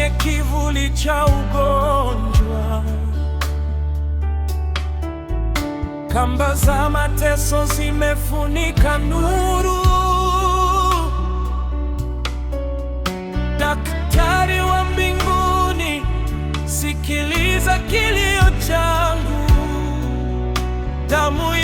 kwenye kivuli cha ugonjwa, kamba za mateso zimefunika nuru. Daktari wa mbinguni, sikiliza kilio changu damu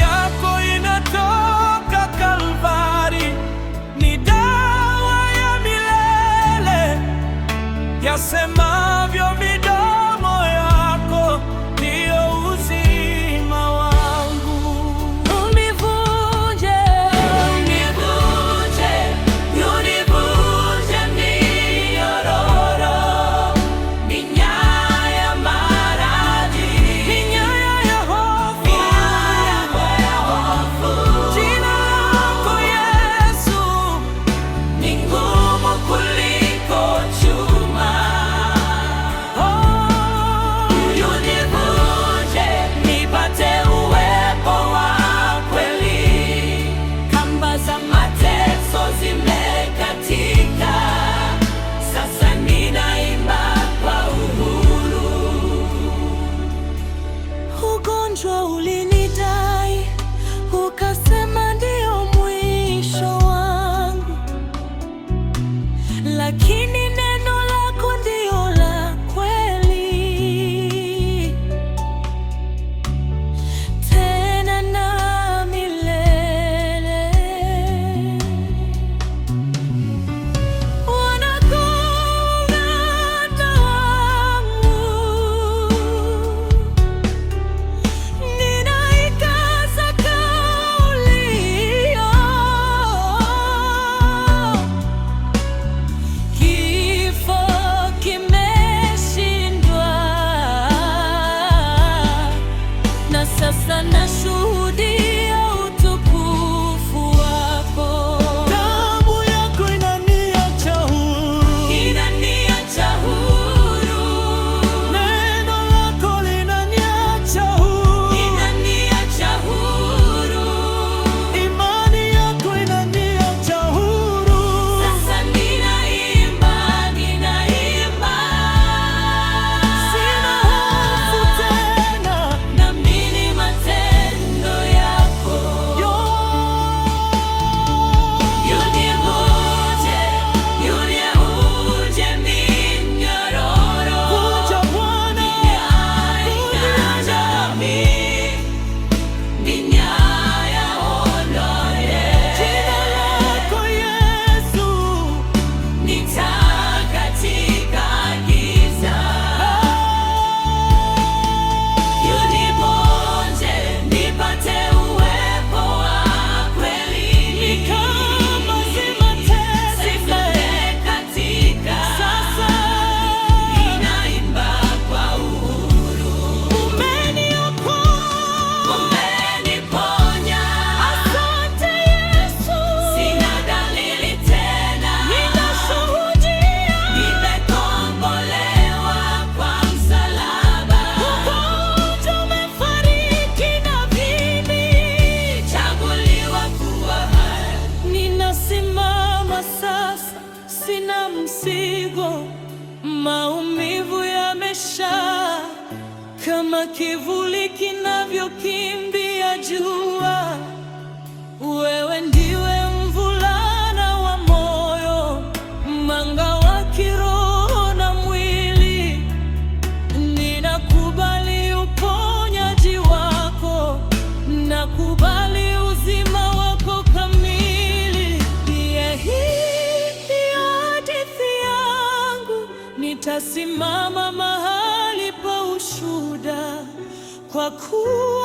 Oh.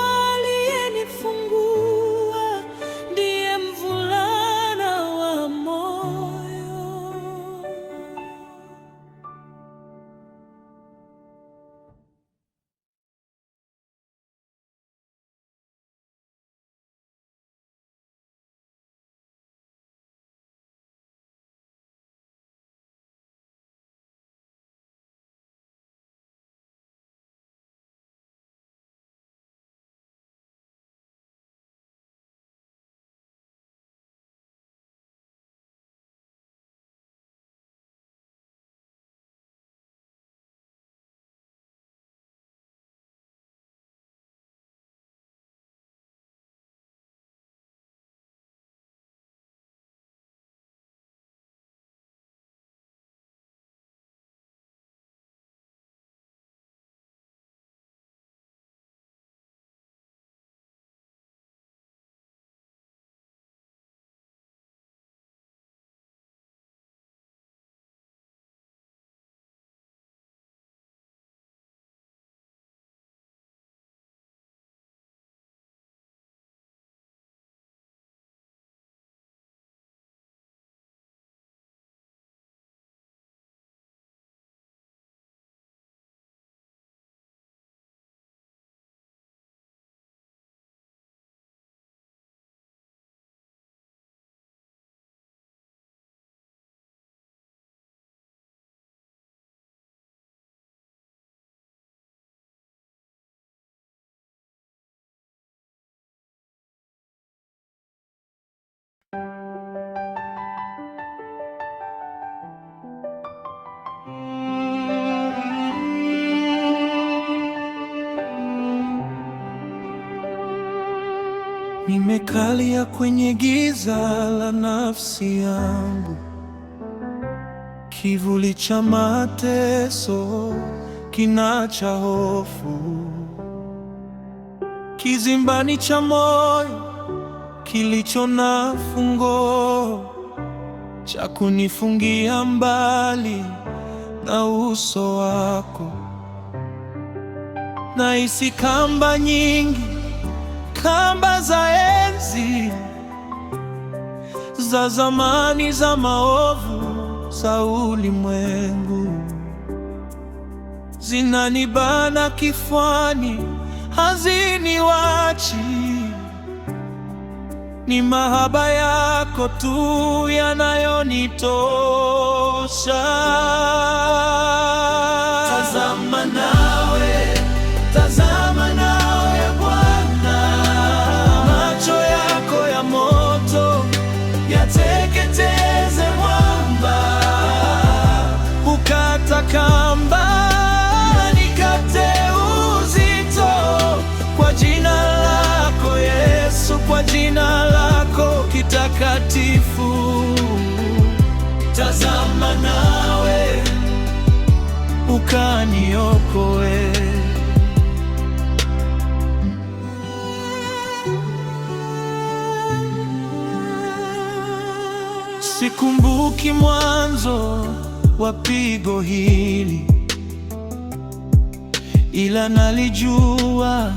Nimekalia kwenye giza la nafsi yangu, kivuli cha mateso, kina hofu, kizimbani cha moyo kilicho na fungo cha kunifungia mbali na uso wako, na kamba nyingi kamba za enzi za zamani za maovu za ulimwengu zinanibana kifuani, haziniwachi. Ni mahaba yako tu yanayonitosha. Tazama na yateketeze mwamba, ukata kamba, nikate uzito kwa jina lako Yesu, kwa jina lako kitakatifu. Tazama nawe ukaniokoe. sikumbuki mwanzo wa pigo hili, ila nalijua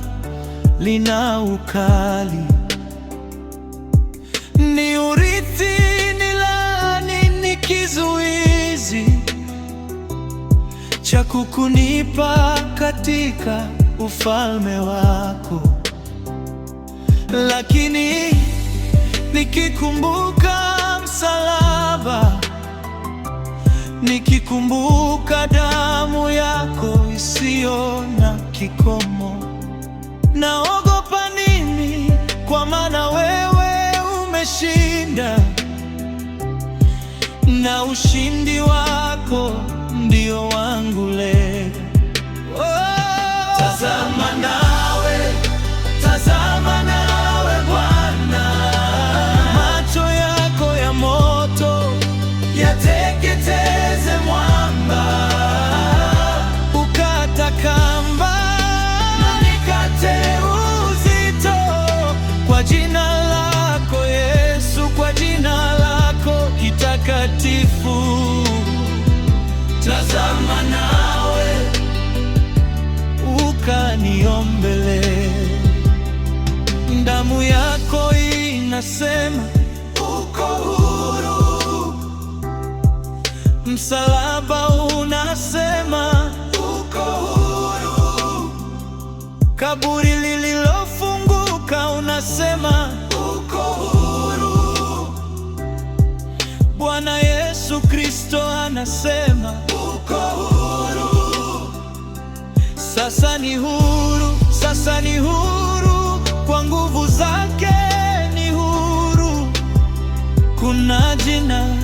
lina ukali. Ni urithi, ni laana, ni kizuizi cha kukunipa katika ufalme wako, lakini nikikumbuka msala Baba, nikikumbuka damu yako isiyo na kikomo. Naogopa nini? Kwa maana wewe umeshinda, na ushindi wako ndio wangu leo. Oh, oh, oh. tazama na mtakatifu, tazama nawe ukaniombele. Damu yako inasema uko huru, msalaba unasema uko huru, kaburi lililofunguka unasema Kristo anasema uko huru, sasa ni huru, sasa ni huru, kwa nguvu zake ni huru. Kuna jina,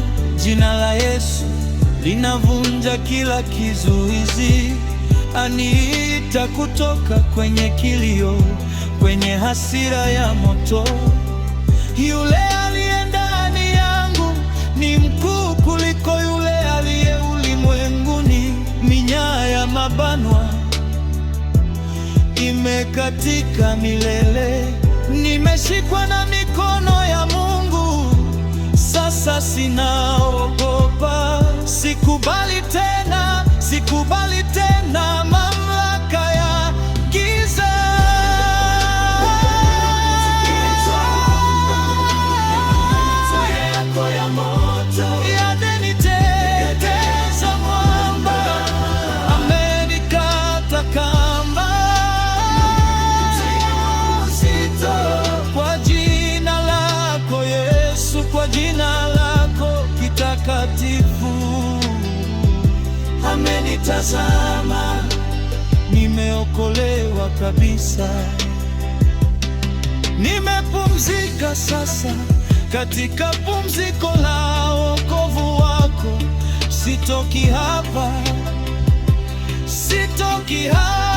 jina la Yesu linavunja kila kizuizi, aniita kutoka kwenye kilio, kwenye hasira ya moto yule mabanwa, imekatika milele. Nimeshikwa na mikono ya Mungu, sasa sinaogopa. Sikubali tena, sikubali tena tazama, nimeokolewa kabisa, nimepumzika sasa katika pumziko la wokovu wako. Sitoki hapa, sitoki hapa.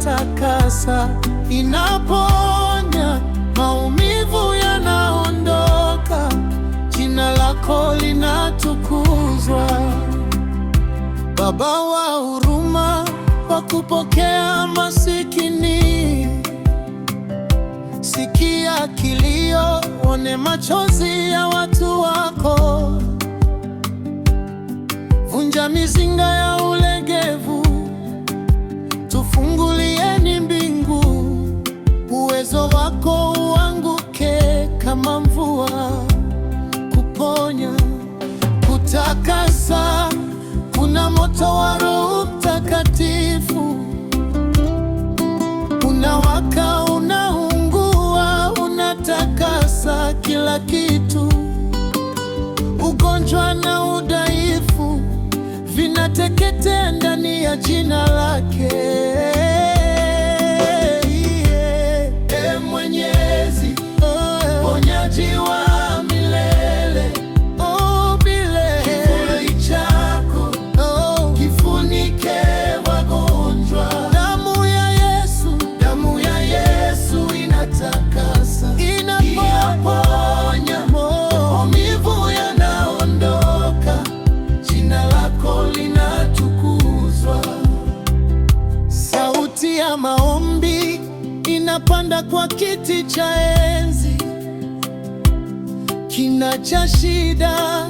inatakasa, inaponya, maumivu yanaondoka, jina lako linatukuzwa. Baba wa huruma, wa kupokea masikini, sikia kilio, one machozi ya watu wako, vunja mizinga ya ulegevu Nifungulieni mbingu, uwezo wako uanguke kama mvua, kuponya, kutakasa. Kuna moto wa Roho Mtakatifu unawaka, unaungua, unatakasa kila kitu. Ugonjwa na udhaifu vinateketea ndani ya jina lake. kwa kiti cha enzi kina cha shida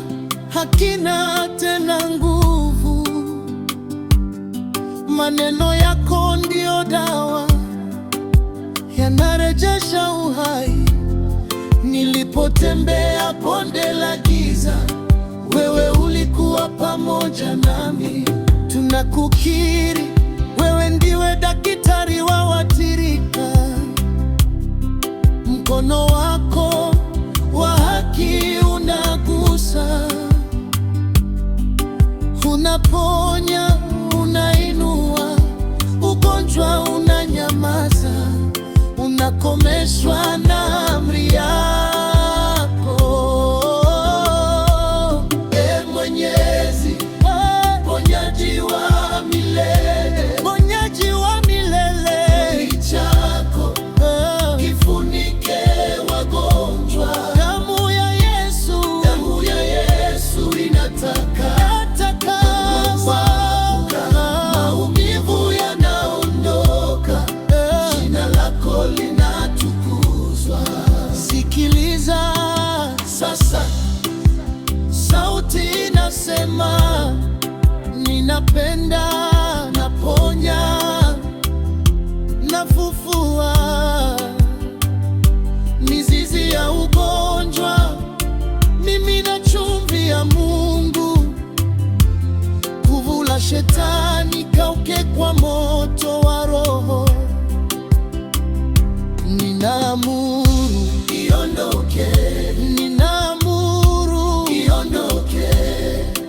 hakina tena nguvu. Maneno yako ndiyo dawa, yanarejesha uhai. Nilipotembea bonde la giza, wewe ulikuwa pamoja nami. Tunakukiri, wewe ndiwe daktari wa watirika Mkono wako wa haki unagusa, unaponya, unainua, ugonjwa unanyamaza, unakomeshwa Shetani kauke kwa moto wa Roho, ninaamuru iondoke, ninaamuru iondoke.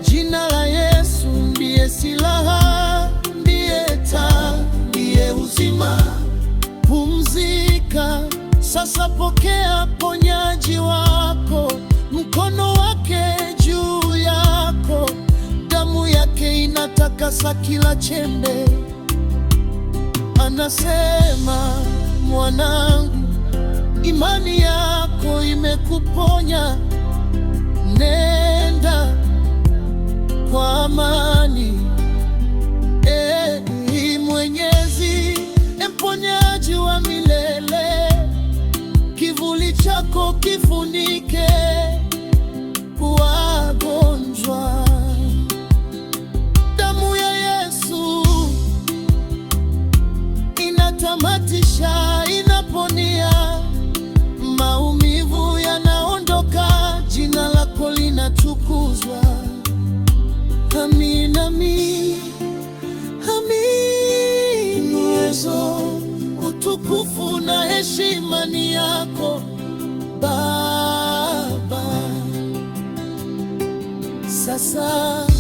Jina la Yesu ndiye silaha, ndiye taa, ndiye uzima. Pumzika sasa, pokea ponyaji wa anatakasa kila chembe, anasema mwanangu, imani yako imekuponya, nenda kwa amani. Ee Mwenyezi, mponyaji wa milele, kivuli chako kifunike ndani yako Baba sasa